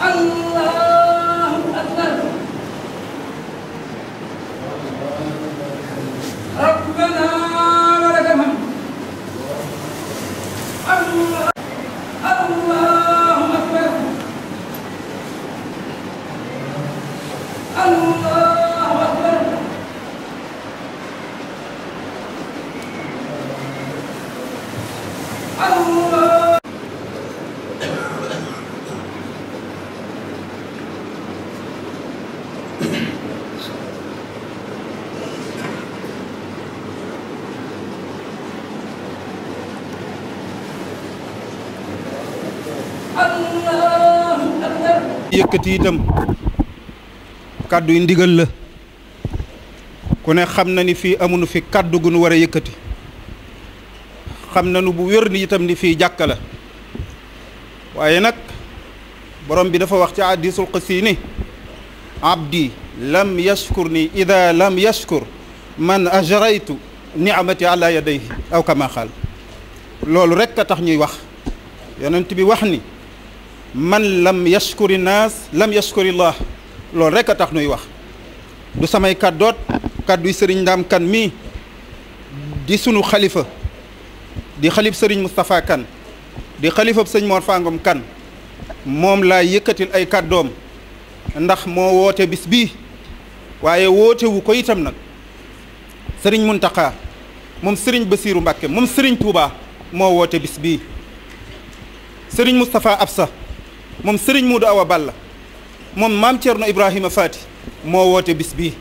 Allah yëkkati itam kàddu yi ndigal la ku ne xam na ni fii amunu fi kàddu gu nu war a yëkkati xam na nu bu wér ni itam ni fii jàkka la waaye nag borom bi dafa wax ci hadiisul qudsi ni abdi lam yashkur ni ida lam yashkur man ajraytu niamati ala yadayhi aw kama loolu rekk a tax ñuy wax yonent bi wax ni man lam yashkuri naas lam yashkuri llah loolu rek a tax nuy wax du samay kàddoot kàdduy sëriñ Ndaam Kan mii di sunu xalifa di xalif sëriñ Moustapha Kan di xalifab sëñ Mor Fangom Kan moom laa yëkkatil ay kàddoom ndax moo woote bis bii waaye woote ko itam nag sëriñ Muntaxa moom sëriñ Basiiru Mbàkke moom sëriñ Tuubaa moo woote bis bii sëriñ ab sa moom Serigne Modou Awa Balla moom maam Thierno Ibrahima Fati moo woote bis bii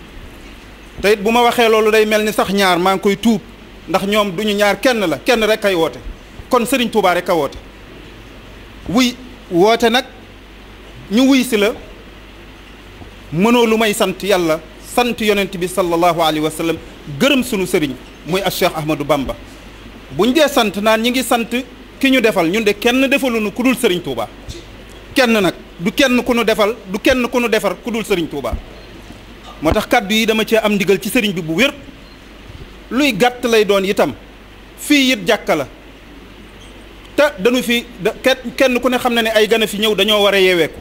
te bu ma waxee loolu day mel ni sax ñaar maa ngi koy tuub ndax ñoom duñu ñaar kenn la kenn rek ay woote kon sëriñ Touba rek a woote wuy woote nag ñu wuy si la mënoo lu may sant yàlla sant yonent bi sallallahu alayhi wa sallam gërëm sunu sëriñ muy ak Cheikh Ahmadou Bamba buñ dee sant naan ñi ngi sant ki ñu defal ñun de kenn defaluñu ku dul sëriñ Touba. kenn nag du kenn ku nu defal du kenn ku nu defar ku dul sëriñ Touba moo tax kàddu yi dama cee am ndigal ci sëriñ bi bu wér luy gàtt lay doon itam fii it jàkka la te dañu fi kenn ku ne xam na ne ay gana fi ñëw dañoo war a yeeweeku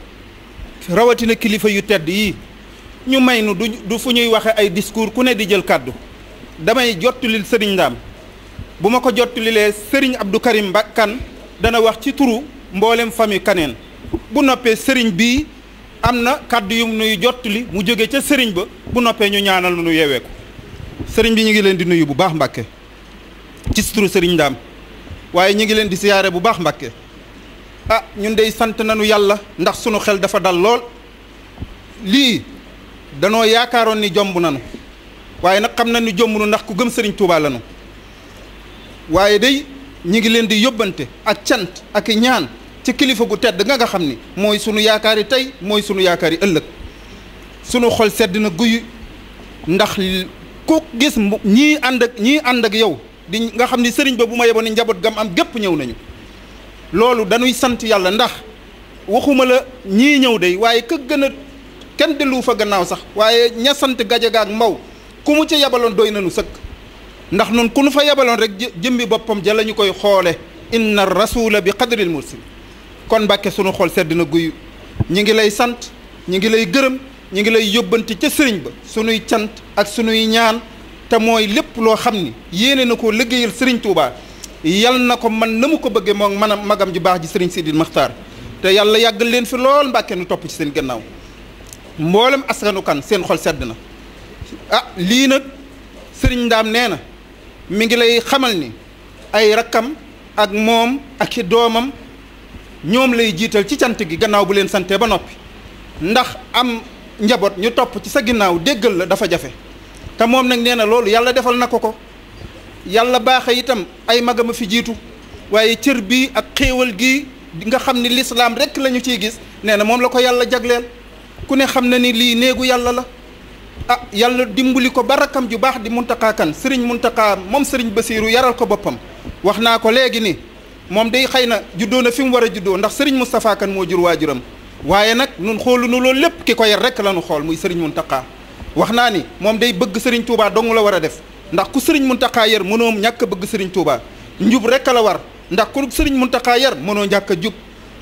rawatina kilifa yu tedd yii ñu may nu du du fu ñuy waxe ay discours ku ne di jël kàddu damay jottulil sëriñ Ndaam bu ma ko jottulilee sëriñ Abdou Karim Ba Kane dana wax ci turu mboolem famille Kaneen bu noppee sëriñ bii am na kàddu yu nuy jottali mu jóge ca sëriñ ba bu noppee ñu ñaanal nu yeewee ko sëriñ bi ñu ngi leen di nuyu bu baax mbàkke ci suturu sëriñ ndaam waaye ñu ngi leen di siyaare bu baax mbàkke a ah, ñun dey sant nañu yàlla ndax sunu xel dafa dal lool lii danoo yaakaaroon ni jomb nanu waaye nag xam na ni jomb ndax ku gëm sëriñ Touba lanu waaye day ñu ngi leen di yóbbante ak cant ak ñaan ci kilifa gu tedd nga nga xam ni mooy sunu yaakaar yaakaari tey mooy sunu yaakaar yi ëllëg sunu xol sedd na guy ndax ku gis ñii ànd ak ñii ànd ak yow di nga xam ni sëriñ ba bu ma yeboon ni njaboot gam am gépp ñëw nañu loolu dañuy sant yàlla ndax waxuma la ñii ñëw de waaye kë gën a kenn dellu fa gannaaw sax waaye ñasant sant mbaw ku mu ca yabaloon doy nañu sëkk ndax noonu ku nu fa yabaloon rek jëmmi boppam ja la ñu koy xoole na rasula bi qadril mursil kon Mbàkke sunu xol sedd na guyu ñi ngi lay sant ñi ngi lay gërëm ñi ngi lay yóbbanti ca sëriñ ba sunuy cant ak sunuy ñaan te mooy lépp loo xam ni yéene na ko liggéeyal sëriñ Touba yal na ko man na mu ko bëggee moom manam magam ju baax ji sëriñ Sidi Maxtaar te yàlla yàggal leen fi lool Mbàkke nu topp ci seen gannaaw mboolem askanu kan seen xol sedd na ah lii nag sëriñ Ndaam nee na mi ngi lay xamal ni ay rakkam ak moom ak i doomam ñoom lay jiital ci cant gi gannaaw bu leen santee ba noppi ndax am njaboot ñu topp ci sa ginnaaw déggal la dafa jafe te moom nag nee na loolu yàlla defal na ko ko yàlla baaxe itam ay magam a fi jiitu waaye cër bii ak xéewal gi nga xam ni lislaam rekk la ñu ciy gis nee na moom la ko yàlla jagleel ku ne xam na ni lii néegu yàlla la ah yàlla dimbali ko barakam ju baax di Muntaqa Kan sëriñ Muntaqa moom sëriñ Basiiru yaral ko boppam wax naa ko léegi moom day xëy na juddoo na fi mu war a juddoo ndax sëriñ Moustapha Kane moo jur waajuram waaye nag nun nu loolu lépp ki ko yar rek la nu xool muy sëriñ Mountakha wax naa ni moom day bëgg sëriñ Touba dong la war a def ndax ku sëriñ Mountakha yar mënoo ñàkk bëgg sëriñ Touba njub rek la war ndax ku sëriñ Mountakha yar mënoo ñàkk a jub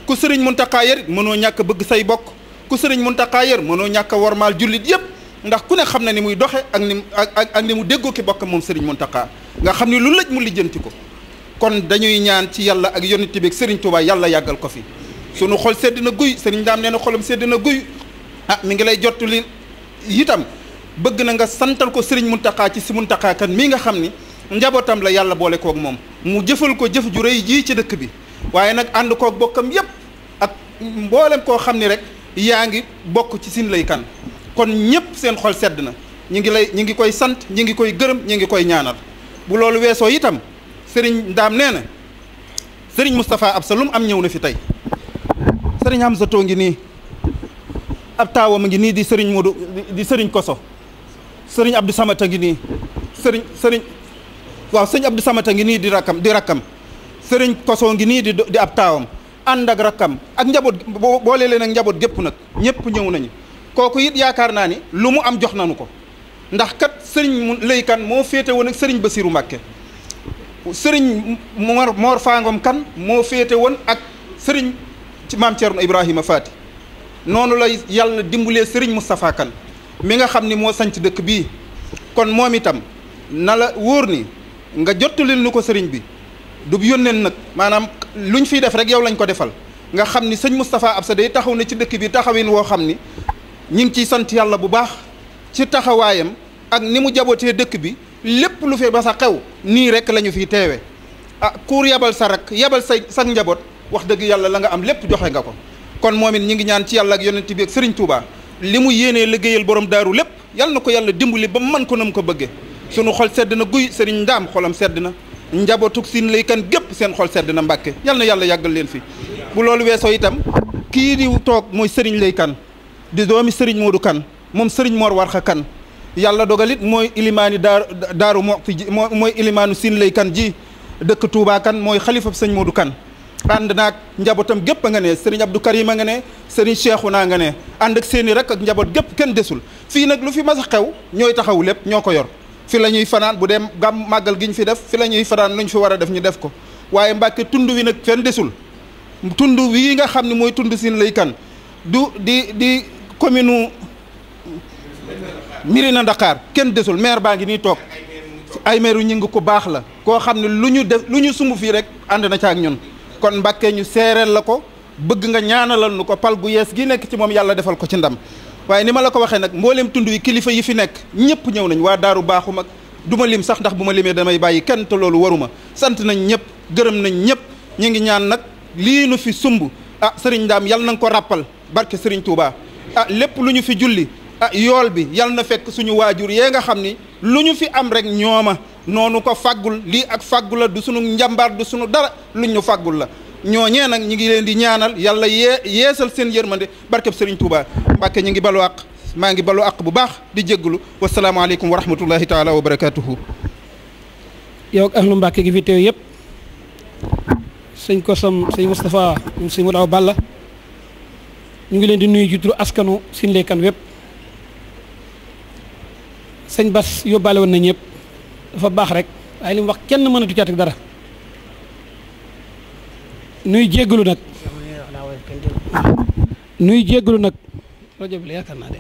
ku sëriñ Mountakha yar mënoo ñàkk bëgg say bokk ku sëriñ Mountakha yar mënoo ñàkk a wormaal jullit yépp ndax ku ne xam na ni muy doxe ak ni ak ak ni mu déggoo ki bokk moom sëriñ Mountakha nga xam ni lu lëj mu lijjanti ko kon dañuy ñaan ci yàlla ak yonent bi ak Serigne Touba yàlla yàggal ko fi sunu xol sedd na guy Serigne Dame nee na xolam sedd na guy ah mu ngi lay jottali itam bëgg na nga santal ko Serigne Mountakha ci si Mountakha kan mii nga xam ni njabootam la yàlla boole kook moom mu jëfal ko jëf ju rëy jii ci dëkk bi waaye nag ànd kook bokkam yépp ak mboolem koo xam ni rek yaa ngi bokk ci sin lay kan kon ñépp seen xol sedd na ñu ngi lay ñu ngi koy sant ñu ngi koy gërëm ñu ngi koy ñaanal bu loolu weesoo itam. sëriñ ndaam nee na sëriñ ab Absa lu mu am ñëw na fi tey sëriñ Amsatou ngi nii ab taawam ngi nii di sëriñ Modou di sëriñ Koso sëriñ Abdou Samata ngi nii sëriñ sëriñ waaw sëriñ Abdou Samata ngi nii di rakkam di rakkam sëriñ Koso ngi nii di di ab taawam ànd ak rakkam ak njaboot boole leen ak njaboot gépp nag ñëpp ñëw nañu kooku it yaakaar naa ni lu mu am jox nañu ko ndax kat sëriñ mu lay kan moo féete woon ak sëriñ Basirou Mbacke sëriñ Mor Mor Fangom kan moo féete woon ak sëriñ ci maam Thierno Ibrahima Faati noonu la yàlla dimbalee sëriñ Moustapha kan mi nga xam ni moo sanc dëkk bii kon moom itam na la wóor ni nga jottalil nu ko sëriñ bi du yónneen nag maanaam lu ñu fiy def rek yow lañ ko defal nga xam ni sëñ Moustapha sa day taxaw na ci dëkk bi taxawin woo xam ni ñu ngi ciy sant yàlla bu baax ci taxawaayam ak ni mu jabootee dëkk bi lépp lu fi ba sa xew nii rek la ñu fiy teewe ah kuur yabal sa rak yabal say sa njaboot wax dëgg yàlla la nga am lépp joxe nga ko kon moom it ñu ngi ñaan ci yàlla ak yonent bi ak Serigne Touba li mu yéene liggéeyal borom daaru lépp yàlla na ko yàlla dimbali ba man ko nam ko bëggee sunu xol sedd na guy Serigne Ndaam xolam sedd na njabootug siin lay kan gépp seen xol sedd na Mbàkke yàlla na yàlla yàggal leen fi bu loolu weesoo itam kii di toog mooy Serigne lay kan di doomi Serigne Modou kan moom Serigne Mor Warxa kan yàlla dogalit mooy ilimaani daaru daaru moxti ji mooy ilimaanu siin lay kan ji dëkk tuubaa kan mooy xalifa sëñ Modou kan ànd naag njabootam gépp a nga ne sëriñ Abdou Karim a nga ne sëriñ Cheikhou naa nga ne ànd ak seeni rek ak njaboot gépp kenn desul fii nag lu fi mas xew ñooy taxaw lépp ñoo ko yor fi la ñuy fanaan bu dee gàmm màggal gi ñu fi def fi la ñuy fanaan lu ñu fi war a def ñu def ko waaye Mbàkke tund wi nag kenn desul tund wii nga xam ne mooy tund siin lay kan du na Dakhar kenn desul maire baa ngi nii toog ay meeru ñu ngi ku baax la koo xam ne lu ñu def lu ñu sumb fii rek ànd na ca ak ñun kon Mbàkke ñu seereel la ko bëgg nga ñaanalal nu ko pal gu yees gi nekk ci moom yàlla defal ko ci ndam waaye ni ma la ko waxee nag mboolem tund yi kilifa yi fi nekk ñëpp ñëw nañ waa daaru baaxu mag du ma lim sax ndax bu ma limee damay bàyyi kenn te loolu waruma sant nañ ñëpp gërëm nañ ñëpp ñu ngi ñaan nag lii nu fi sumb ah sëriñ daam yàlla na ko ràppal barke sëriñ Touba ah lépp lu ñu fi julli ah yool bi yal na fekk suñu waajur yee nga xam ni lu ñu fi am rek ñooma noonu ko fàggul lii ak fàggu la du sunu njàmbaar du suñu dara luñ ñu fàggul la ñooñee nag ñi ngi leen di ñaanal yàlla yee yeesal seen yërmande barkeb Serigne tuubaa Mbàkke ñu ngi balu àq maa ngi balu àq bu baax di jégglu wasalaamaaleykum wa rahmatullahi taala wa barakaatuhu. yow ak ahlu Mbàkke gi fi teew yëpp sëñ Kosam sëñ Moustapha sëñ Moulaw Balla ñu ngi leen di nuyu ci turu askanu Sindékane wépp sëñ Bas yóbbaale woon na ñëpp dafa baax rek ay li mu wax kenn mënatu caat ak dara nuy jéggalu nag nuy jéggalu nag rajo bi yaakaar naa de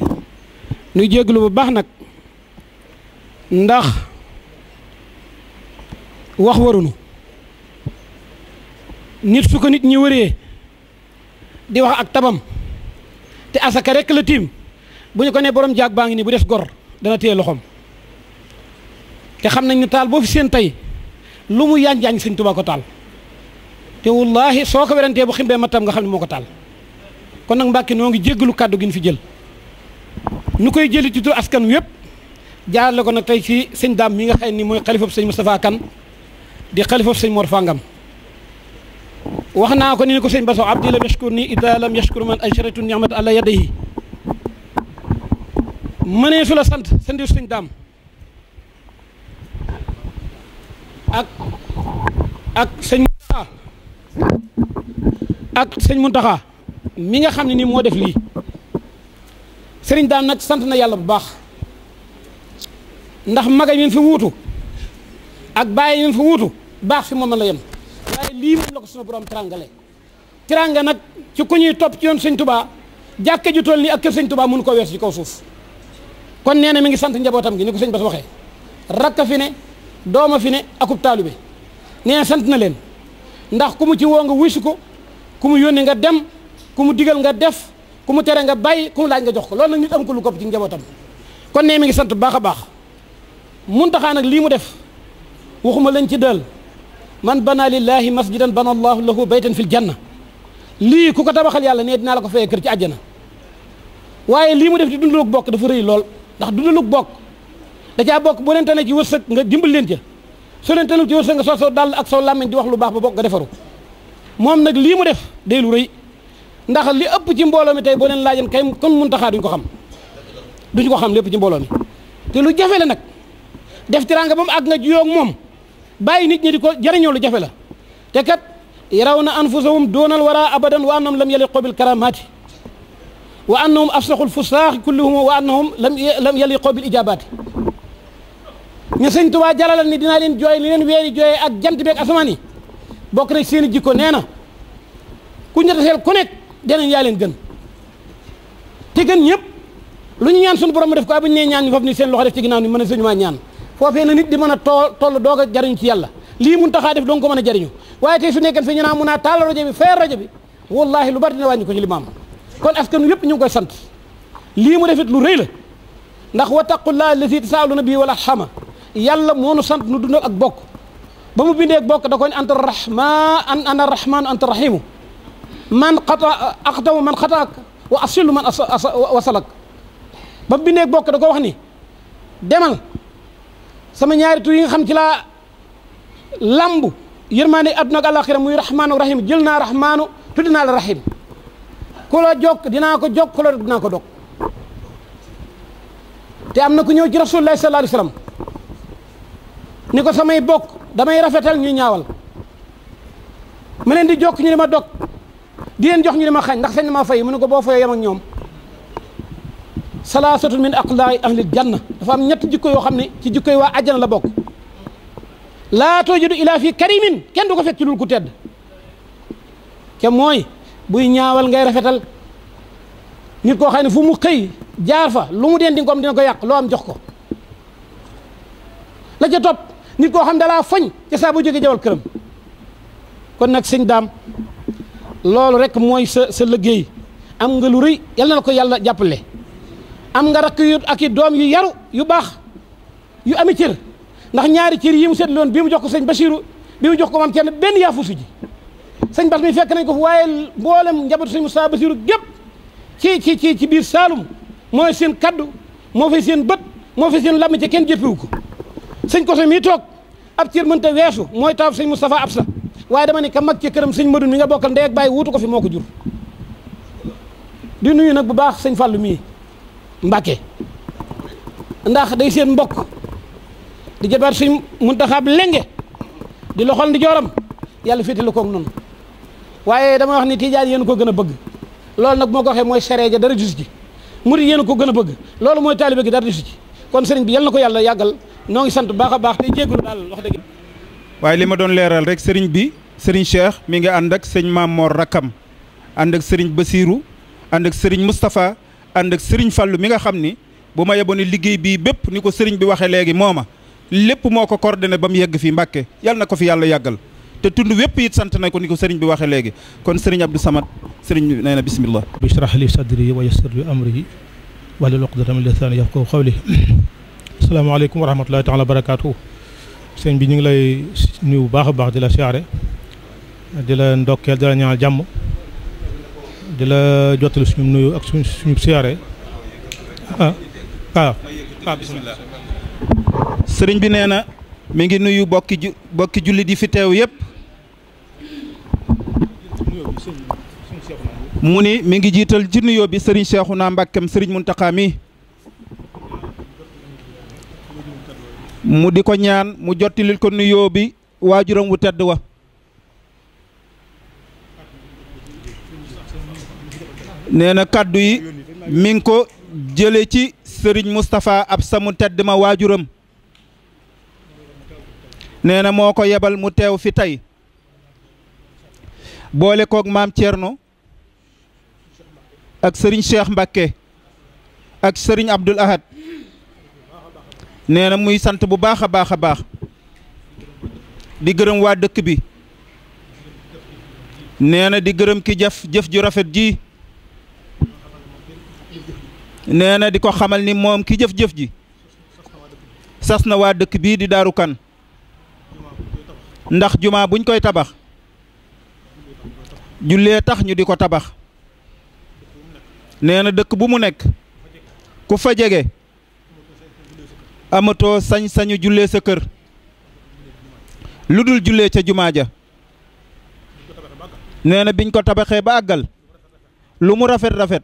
nuy jéggalu bu baax nag ndax wax warunu nit su ko nit ñi wëree di wax ak tabam te asaka rek la tiim bu ñu ko ne borom jaag baa ngi nii bu des gor dana téye loxoom te xam nañ ne taal boo fi seen tey lu mu yaañ yaañ sëñ Tuubaa ko taal te wallaahi soo ko werantee bu ximbee matam nga xam ne moo ko taal kon nag Mbàkke noo ngi jéggalu kàddu gi fi jël nu koy jëli ci tur askan wépp jaarale ko nag tey ci sëñ daam mi nga xam ni mooy xalifab sëñ Moustapha Kan di xalifab sëñ Mor Fangam wax naa ko ni ne ko sëñ Basso abdi lam yashkur ni ida lam yashkur man ajratu ni'mat ala yadihi mënee su la sant sant suñ daam ak ak sëñ Muntaxa ak sëñ Muntaxa mi nga xam ne nii moo def lii sëriñ daam nag sant na yàlla bu baax ndax maga yi fi wuutu ak bàyyi yi fi wuutu baax fi moom la yem waaye lii moom la ko sunu borom tàngale tiranga nag ci ku ñuy topp ci yoon sëñ tubaa jàkke ju toll nii ak kër sëñ tubaa mun ko wees ci kaw suuf kon nee na mi ngi sant njabootam gi ni ko sëñ Bass waxee rakka fi ne dooma fi ne akub taalibe nee na sant na leen ndax ku mu ci woo nga wuyu ko ku mu yónni nga dem ku mu digal nga def ku mu tere nga bàyyi ku mu nga jox ko lool na nit am ko lu kopp ci njabootam kon nee mi ngi sant bu baax a baax muntaxaa nag lii mu def waxuma lañ ci dal man bana lillahi masjidan bana allahu lahu baytan fil janna lii ku ko tabaxal yàlla nee dinaa la ko fayee kër ci àjjana waaye lii mu def di dundal bokk dafa rëy lool ndax du dundalug bokk da caa bokk boo leen tane ci wërsëg nga dimbal leen ca soo leen tane ci wërsëg nga soo soo dàll ak soo làmmiñ di wax lu baax ba bokk nga defaru moom nag lii mu def day lu rëy ndax li ëpp ci mbooloo mi tey boo leen laajan kay kon mun taxaa duñ ko xam duñ ko xam lépp ci mbooloo mi te lu jafe la nag def teraanga ba mu àgg nga jiyoog moom bàyyi nit ñi di ko jariñoo lu jafe la te kat yaraw na anfusahum doonal wara abadan wa annam lam yaliqu bil karamaati wa annahum afsaxul fusaax kulluhum wa annahum lam lam yaliqoo bil ijaabaati ñu sëñ Tuubaa jalalal ni dinaa leen jooy li leen weeri jooyee ak jant beeg asamaan yi bokk na seen i jikko nee na ku ñu taseel ku nekk danañ yaa leen gën te gën ñëpp lu ñu ñaan suñu borom mu def ko abuñu ah, nee ñaan ñu foofu ni seen loxo def ci ginnaaw ni mën a sëñu maa ñaan foofee na nit di mën a too toll jariñu ci yàlla lii mun taxaa def dong ko mën a jariñu waaye tey su nekkee fi ñu naa mun naa rajo bi feer rajo lu bari dina wàññi ko ci kon askan wi yëpp ñu koy sant lii mu defit lu rëy ndax wa taqullaa allati tasaaluna bii wal arxama yàlla moo nu sant ak bokk ba mu bindee bokk da ko ne anta rahma an ana rahmaanu anta rahimu man xata axtamu man xataak bokk da ko wax ni demal sama ñaari tur yi nga xam ci laa lamb yërmaande adduna ak àlaxira muy rahmaanu rahim jël naa rahmaanu tudd la rahim ku jokk dinaa ko jokk ku dinaa ko dog te am na ku ñëw ci rasulullahi sallallahu ni ko samay bokk damay rafetal ñuy ñaawal ma leen di jokk ñu di ma dog di jox ñu di ma xañ ndax sañ na maa fay mu ne ko boo fayoo yem ak ñoom salaasatun min aqlaay ahlil janna dafa am ñett jikko yoo xam ne ci jikko yi waa àjjana la bokk laa toojidu ilaa fii karimin kenn du ko fekk ci lul ku tedd ke mooy buy ñaawal ngay rafetal nit ko xam ne fu mu xëy jaar fa lu mu den di kom ko yàq loo am jox ko la ca topp nit koo xam ne dalaa foñ ca saa bu jógee jawal këram kon nag sëñ daam loolu rek mooy sa sa liggéey am nga lu rëy yal na la ko yàlla jàppale am nga rakk yu ak i doom yu yaru yu baax yu ami cër ndax ñaari cër yi mu seetlu woon bii mu jox ko sëñ Bachirou bi mu jox ko maam kenn benn yaafusu ji sëñ Bas mi fekk nañ ko fu waaye mboolem njabootu sëñ Moustapha Bassirou gépp ci ci ci ci biir Saalum mooy seen kaddu moo fay seen bët moo fay seen lamm ci kenn jëppiwu ko sëñ Koso mii toog ab cër mënta weesu mooy taaw sëñ ab sa waaye dama ne ka mag ci këram sëñ Madun mi nga bokkal ndey ak bàyyi wuutu ko fi moo ko jur di nuyu nag bu baax sëñ Fàllu mii mbake ndax day seen mbokk di jabaat sëñ Muntaxaab lenge di loxol ndi jooram yàlla féetale koog noonu waaye dama wax ni tijaan yéen ko gën a bëgg loolu nag moo ko waxee mooy sere ja dara jus ji murid yéen ko gën a bëgg loolu mooy taalibe gi dara jus ji kon sëriñ bi yal na ko yàlla yàggal noo ngi sant baax a baax te jéggul daal wax dëgg waaye li ma doon leeral rek sëriñ bi sëriñ Cheikh mi ngi ànd ak sëñ Mamor Rakam ànd ak sëriñ Basirou ànd ak sëriñ Moustapha ànd ak sëriñ fallu mi nga xam ni boo ma yeboo liggéey bii bépp ni ko sëriñ bi waxee léegi moo ma lépp moo ko coordonné ba mu yegg fii Mbàkke yal na ko fi yàlla yàggal te tund wépp it sant na ko ni ko sëriñ bi waxee léegi kon sëriñ Abdou Samad sëriñ bi nee na bisimilah. rabbi shrah li sadri wa yassir li amri wahlul uqdatan min lisani yafqahu qawli. asalaamaaleykum wa rahmatulahi taala wa barakaatu. sëñ bi ñu ngi lay nuyu bu baax a baax di la siyaare di la ndokkeel jàmm di la jottali suñu nuyu ak suñu suñu siyaare ah, ah, ah bi nee mi ngi nuyu bokki ju bokki jullit yi fi teew yépp mu ni mi ngi jiital ci nuyoo bi sëriñ naa Mbàkkem sëriñ Muntaxa mi mu di ko ñaan mu jottilil ko nuyoo bi waajuram wu tedd wa nee na kàddu yi mi ngi ko jële ci sëriñ Moustapha ab samu tedd ma waajuram nee na moo ko yebal mu teew fi tey boole kook maam Thierno ak sëriñ Cheikh Mbakke ak sëriñ Abdul Ahad nee na muy sant bu baax a baax a baax di gërëm waa dëkk bi nee na di gërëm ki jëf jëf ju rafet ji nee na di ko xamal ni moom ki jëf-jëf ji sas na waa dëkk bii di daaru kan ndax jumaa buñ koy tabax jullee tax ñu di ko tabax nee na dëkk bu mu nekk ku fa jege amatoo sañ-sañu jullee sa kër lu dul jullee ca jumaa ja nee na biñ ko tabaxee ba àggal lu mu rafet-rafet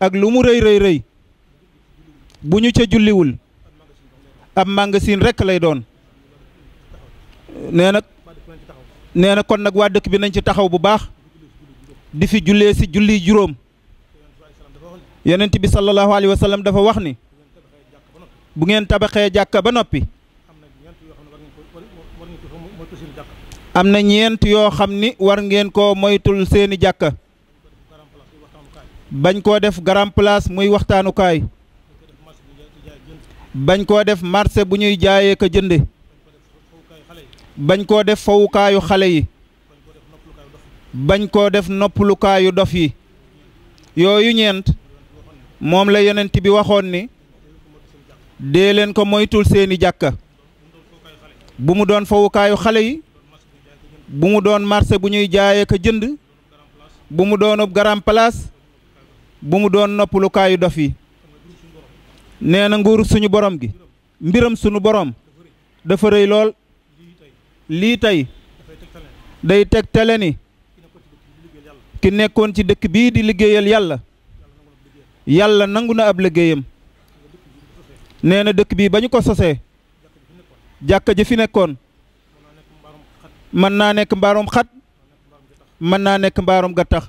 ak lu mu rëy rëy rëy bu ñu ca julliwul ab magasin rekk lay doon nee na nee na kon nag waa dëkk bi nañ ci taxaw bu baax di fi jullee si julli juróom yonent bi sallallahu alayhi wa dafa wax ni bu ngeen tabaxee jàkka ba noppi am na ñeent yoo xam ni war ngeen koo moytul seeni jàkka bañ koo def grand muy waxtaanukaay bañ koo def marché bu ñuy jaayee ko jënde bañ koo def fawukaayu xale yi bañ koo def noppalukaayu dof yi yooyu ñeent moom la yonent bi waxoon ni dee leen ko moytul seeni jàkka bu mu doon fawukaayu xale yi bu mu doon marché bu ñuy jaayee ko jënd bu mu doonub grand place bu mu doon noppalukaayu dof yi nee na nguur suñu borom gi mbiram sunu borom dafa lool lii tey day tegtale ni ki nekkoon ci dëkk bii di liggéeyal yàlla yàlla nangu na ab liggéeyam nee na dëkk bii bañu ko sosee jàkka ji fi nekkoon mën naa nekk mbaarum xat mën naa nekk mbaarum gattax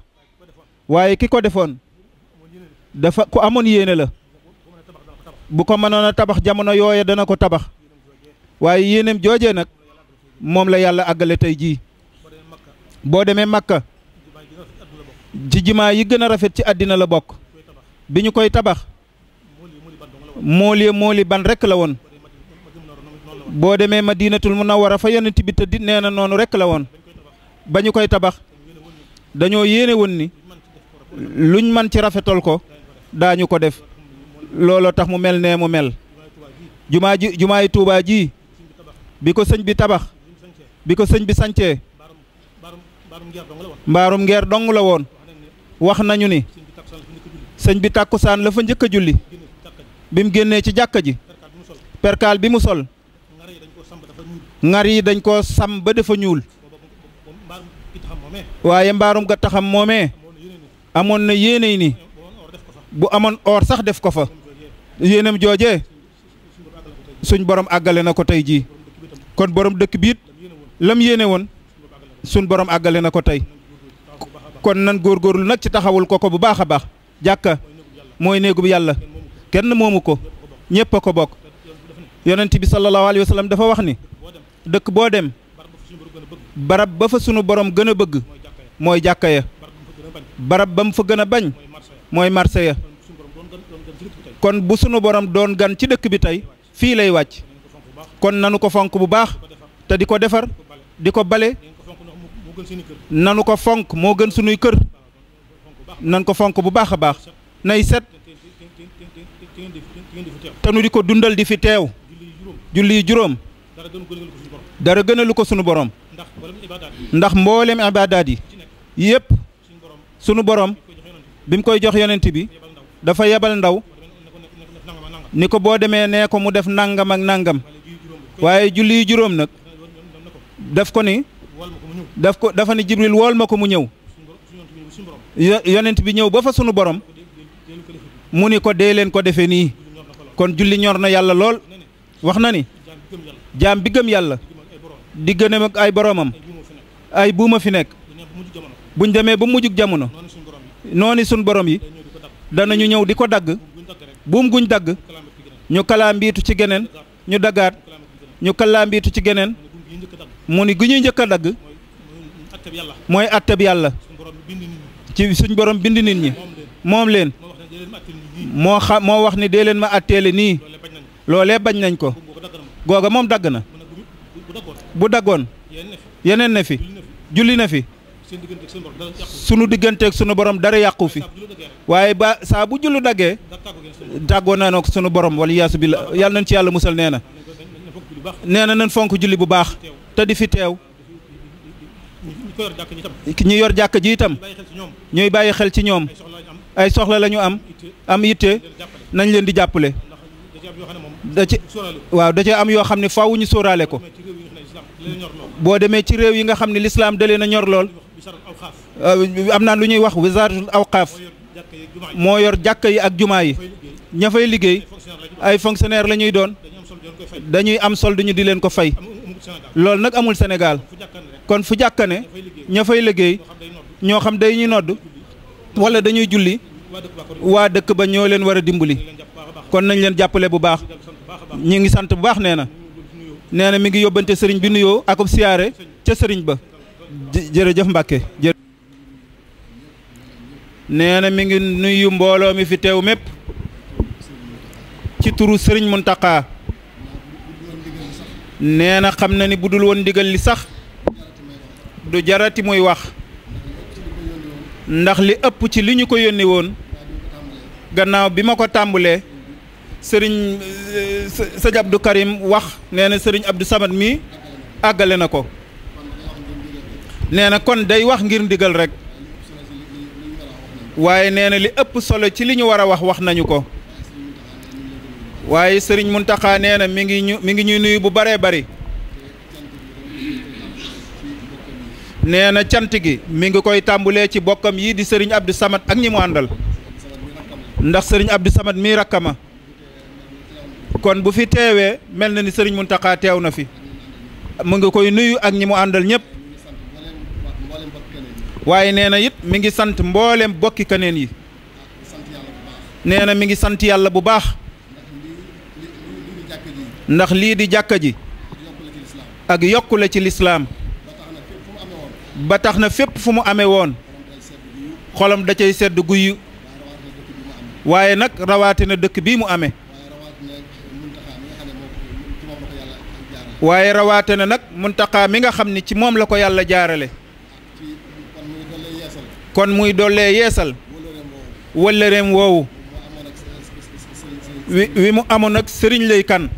waaye ki ko defoon dafa ku amoon yéene la bu ko mënoon a tabax jamono yooya dana ko tabax waaye yéeneem joojee nag moom la yàlla àggale tey jii boo demee Makka ci jumaa yi gën a rafet ci àddina la bokk bi ñu koy tabax mooli mooli ban rekk la woon boo demee ma diinatul Madinatul Munawwara fa yonent bi di nee na noonu rekk la woon ba ñu koy tabax dañoo yéene woon ni luñ man ci rafetal ko daañu ko def looloo tax mu mel nee mu mel jumaa ji jumaa yi Tuubaa ji bi ko sëñ bi tabax bi ko sëñ bi sancee mbaarum ngeer dong la woon wax nañu ni sëñ bi tàkkusaan la fa njëkk a julli bi mu génnee ci jàkka ji perkaal bi mu sol ŋar yi dañ koo sam ba dafa ñuul waaye mbaarum ga taxam moomee amoon na yéeney ni bu amoon or sax def ko fa yéenam joojee suñ borom àggale na ko tey jii kon borom dëkk biit lam yéene woon sun borom àggale na ko tey kon nan góorgóorlu nag ci taxawul ko ko bu baax a baax jàkka mooy néegub yàlla kenn moomu ko ñépp ko bokk yonent bi sallallahu alayhi dafa wax ni dëkk boo dem barab ba fa sunu borom gën a bëgg mooy jàkka ya barab ba mu fa gën a bañ mooy marché ya kon bu sunu borom doon gan ci dëkk bi tey fii lay wàcc kon nanu ko fonk bu baax te di ko defar di ko bale nanu ko fonk moo gën sunuy kër nan ko fonk bu baax a baax nay set te nu di ko dundal di fi teew julli juróom dara gënalu ko sunu boroom ndax mboolem ibaadaat yi yépp sunu borom bi mu koy jox yonent bi dafa yebal ndaw ni ko boo demee nee ko mu def nangam ak nangam waaye julli juróom nag daf ko ni daf ko dafa ni Jibril wool ma ko mu ñëw yonent bi ñëw ba fa sunu borom mu ni ko dee leen ko defee nii kon julli ñor na yàlla lool wax na ni jaam bi gëm yàlla di gënam ay boromam ay buuma fi nekk buñ demee ba mujjug jamono noonu sunu borom yi danañu ñëw di ko dagg buum guñ dagg ñu kalaambiitu ci geneen ñu daggaat ñu kalaambiitu ci geneen mu ni gu ñuy njëkk a dagg mooy atteb yàlla ci suñ borom bind nit ñi moom leen moo xam moo wax ni dee leen ma atteele nii loolee bañ nañ ko googa moom dagg na bu daggoon yeneen ne fi julli na fi sunu digganteeg sunu borom dara yàqu fi waaye ba saa bu jullu daggee tàggoo naa noog sunu borom wala yaasu bi la yàlla nañ ci yàlla musal nee na nee na nañ fonk julli bu baax te di fi teew ñu yor jàkk ji itam ñuy bàyyi xel ci ñoom ay soxla lañu am am yitte nañ leen di jàppale da ci waaw da am yoo xam ne faaw ñu sóoraale ko boo demee ci réew yi nga xam ne lislaam da leen a ñor lool euh, am naa lu ñuy wax wisaaratul awqaaf moo yor jàkk yi ak jumaa yi ña fay liggéey ay fonctionnaire la ñuy doon dañuy am solde ñu di leen ko fay loolu nag amul Sénégal kon fu jàkkane ña fay liggéey ñoo xam day ñu nodd wala dañuy julli waa dëkk ba ñoo leen war a dimbali kon nañ leen jàppale bu baax ñi ngi sant bu baax nee na nee na mi ngi yóbbante sëriñ bi nuyoo akub siyaare ca sëriñ ba jërëjëf Mbàkke nee na mi ngi nuyu mbooloo mi fi teew mépp ci turu sëriñ Muntaqa nee na xam na ni bu dul woon ndigal li sax du jarati muy wax ndax li ëpp ci li ñu ko yónni woon gannaaw bi ma ko tàmbulee sëriñ euh, sëñ Abdou Karim wax nee na sëriñ Abdou Samad mii àggale na ko nee na kon day wax ngir ndigal rek waaye nee na li ëpp solo ci li ñu war a wax wax nañu ko waaye sëriñ Muntaxa nee na mi ngi ñu mi ngi ñuy nuyu bu baree bari nee na cant gi mi ngi koy tàmbulee ci bokkam yii di sëriñ Abdou Samad ak ñi mu àndal ndax sëriñ Abdou Samad mii rakkama kon bu fi teewee mel na ni sëriñ Muntaxa teew na fi mu ngi koy nuyu ak ñi mu àndal ñëpp waaye nee na it mi ngi sant mboolem bokki kaneen yi nee na mi ngi sant yàlla bu baax ndax lii di jàkka ji ak yokku ci lislaam ba tax na fépp fu mu amee woon xolam da cay sedd guyu waaye nag na dëkk bii mu ame waaye rawatina nag muntaxaa mi nga xam ni ci moom la ko yàlla jaarale kon muy dollee yeesal wëllëreem woowu wi mu amoon ak sëriñ lay kan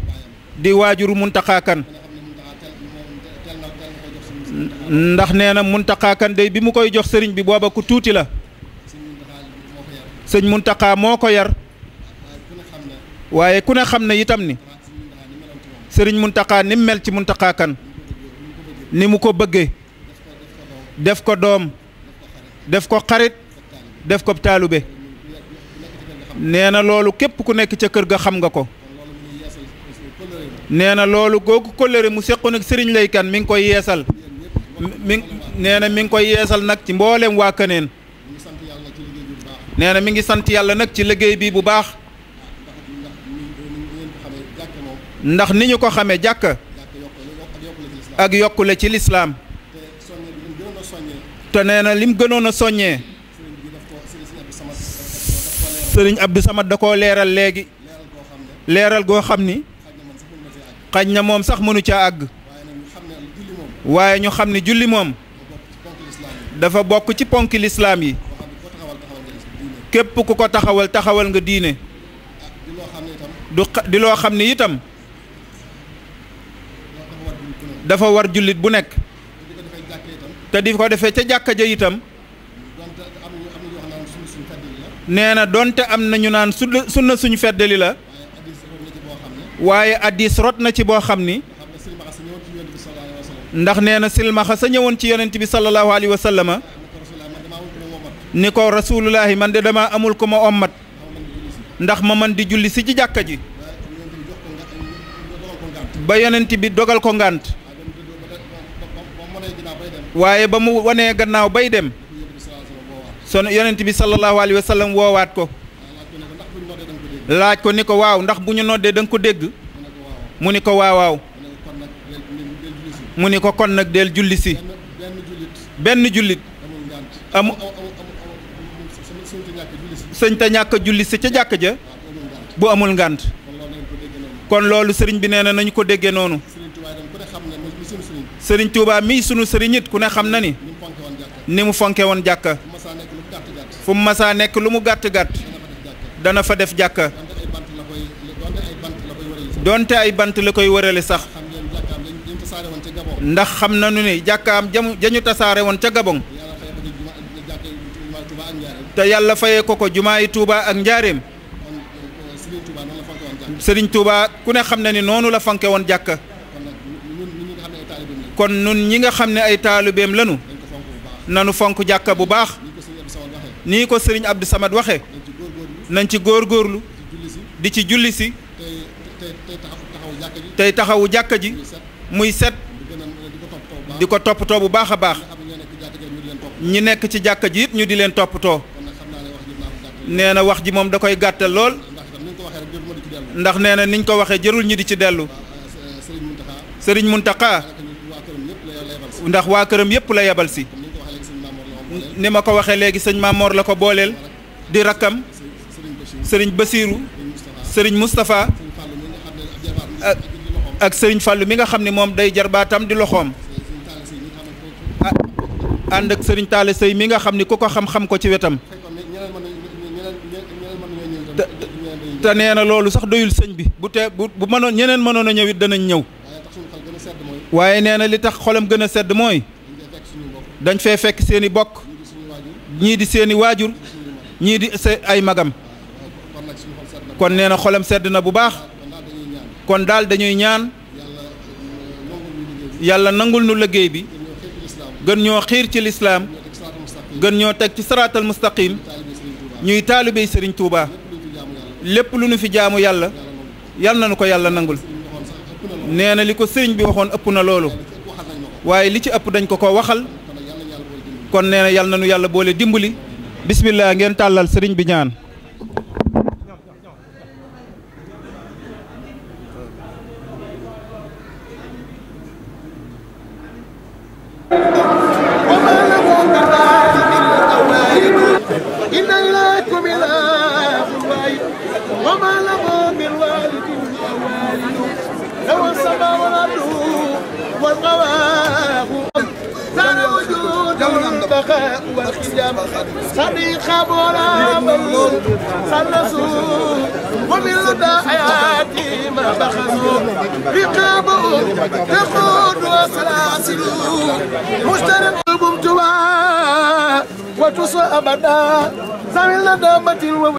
di waajuru Muntaxa Kan ndax nee na Muntaxa Kan bi mu koy jox sëriñ bi booba ku tuuti la sëñ Muntaxa moo ko yar waaye ku ne xam ne itam ni sëriñ Muntaxa ni mel ci Muntaxa Kan ni mu ko bëggee def ko doom def ko xarit def ko taalube nee na loolu képp ku nekk ca kër ga xam nga ko nee na loolu googu kóllëre mu seqoon nag sëriñ Lay Kane mi ngi koy yeesal nee na mi ngi koy yeesal nag ci mbooleem waa Kaneen nee na mi ngi sant yàlla nag ci liggéey bi bu baax ndax ni ñu ko xamee jàkk ak yokkule ci lislaam te nee na lim gënoon a soññee sëriñ Abdou Samad da koo leeral léegi leeral goo xam ni xaj na moom sax mënu caa àgg waaye ñu xam ne julli moom dafa bokk ci ponki lislaam yi képp ku ko taxawal taxawal nga diine du loo xam ne itam dafa war jullit bu nekk te di ko defee ca jàkka ja itam nee na donte am na ñu naan sunna suñu feddali la waaye addis rot na ci boo xam ni ndax nee na silmaxa sa ñëwoon ci yonent bi sallallahu alayhi wa sallama ni ko rasulullahi man de dama amul ko ma ommat ndax ma man di julli si ci jàkka ji ba yonent bi dogal ko ngànt waaye ba mu wanee gannaaw bay dem son yonent bi sallallahu alayhi wa sallam woowaat ko laaj ko ni ko waaw ndax bu ñu noddee da nga ko dégg mu ni ko waawaaw mu ni ko kon nag del julli si benn jullit amu sëñ te ñàkk julli si ca jàkk ja bu amul ngànt kon loolu sëriñ bi nee na nañu ko déggee noonu sëriñ Touba mii sunu sëriñ ku ne xam na ni ni mu fonke woon jàkka fu mu masaa nekk lu mu gàtt gàtt dana fa def jàkka donte ay bant la koy wërale sax ndax xam nañu ne jàkkaam jamu jañu tasaare woon ca Gabon te yàlla fayee ko ko jumaa yi ak Njaareem sëriñ Touba ku ne xam na ni noonu la fonke woon jàkka kon nun ñi nga xam ne ay taalibeem lanu nanu fonk jàkka bu baax nii ko sëriñ Abdou Samad waxe nañ ci góor góorlu di ci julli si tey taxawu jàkka ji muy set di ko toppatoo bu baax a baax ñi nekk ci jàkka ji it ñu di leen toppatoo nee na wax ji moom da koy gàttal lool ndax nee na niñ ko waxee jërul ñi di ci dellu sëriñ Muntaxa ndax waa këram yépp la yebal si ni ma ko waxee léegi sëñ Maamoor la ko booleel di rakkam sëriñ Basiiru sëriñ mustafaa ak sëriñ Fàllu mi nga xam ne moom day jarbaatam di loxoom ah, ànd ak sëriñ Taale Sëy mi nga xam ne ku ko xam-xam ko ci wetam te nee na loolu sax doyul sëñ bi bu te bu bu mënoon ñeneen mënoon a ñëw danañ ñëw waaye nee na li tax xolam gën a sedd mooy dañ fee fekk seeni bokk ñii di seeni waajur ñii di ay magam kon nee na xolam sedd na bu baax kon daal dañuy ñaan yàlla nangul nu liggéey bi gën ñoo xiir ci lislaam gën ñoo teg ci saraatal mustaqim ñuy taalibey sëriñ Tuuba lépp lu nu fi jaamu yàlla yal na nu ko yàlla nangul nee na li ko sëriñ bi waxoon ëpp na loolu waaye li ci ëpp dañ ko ko waxal kon nee na yal na nu yàlla boole dimbali bismillah ngeen tàllal sëriñ bi ñaan سلامة